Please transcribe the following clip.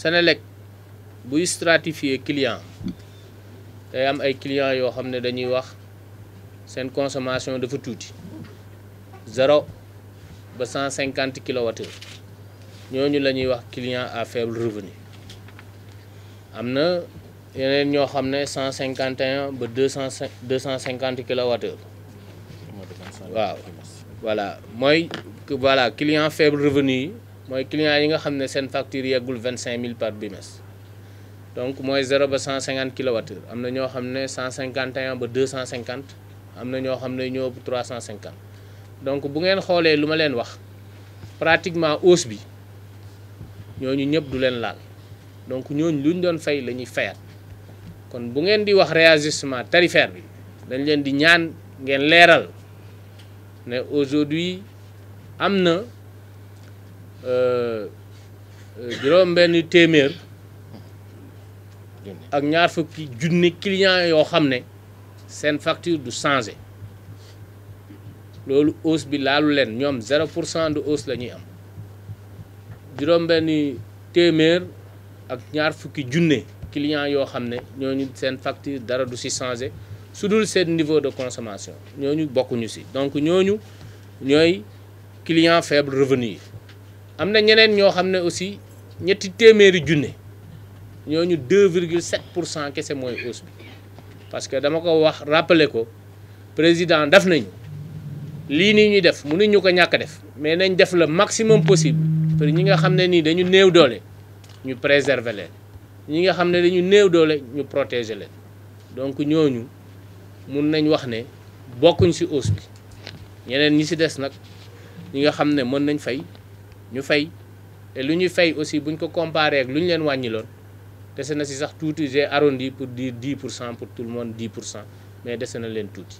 C'est vous stratifiez les clients. Les clients qui ont une consommation de tout. 0 à 150 kWh. Nous avons des clients à faible revenu. Nous avons 151 à 250 kWh. Voilà. Voilà. voilà, clients à faible revenu. mooy clients yi nga xam ne seen facture yeggul vingt cinq mille par bimestre donc mooy zéro ba cent cinquante kilowattheure am na ñoo xam ne cent cinquante et ba deux cent cinquante am na ñoo xam ne ñoo trois cent cinquante donc bu ngeen xoolee lu ma leen wax pratiquement hausse bi ñooñu ñëpp du leen laal donc ñooñu lu doon fay la ñuy fayat kon bu ngeen di wax réajustement tarifaire bi dañ leen di ñaan ngeen leeral ne aujourd'hui am na Euh, euh, juróom benn téeméer ak ñaar fukki junni client yoo xam ne seen facture du changé loolu hausse bi laalu leen ñoom zéro pour cent de hausse la ñuy am juróom benn téeméer ak ñaar fukki junne client yoo xam ne ñooñu seen facture dara du si changé su dul seen niveau de consommation ñooñu bokkuñu si donc ñooñu ñooy client faible revenu yi amna ñeneen ño xamne aussi ñetti téeméeri junne ñooñu deux virgule sept kese hausse bi parce que dama ko wax rappeler ko président daf nañ li ni ñuy def ñu ko ñàkk def mais nañ def le maximum possible pour ñi nga xamne ni dañu néw doolé ñu préserver lé ñi nga xamne dañu néw doolé ñu protéger lé donc ñoñu mën nañ wax né bokkuñ ci hausse bi ñeneen ñi ci dess nak ñi nga xamne mën nañ fay ñu fay te lu ñuy fay aussi bu ñu ko comparé ak lu ñu leen wàññiloon dese na si sax tuuti j'ai arrondi pour dire 10 pour cent pour tout le monde 10 pour cent mais dese na leen tuuti.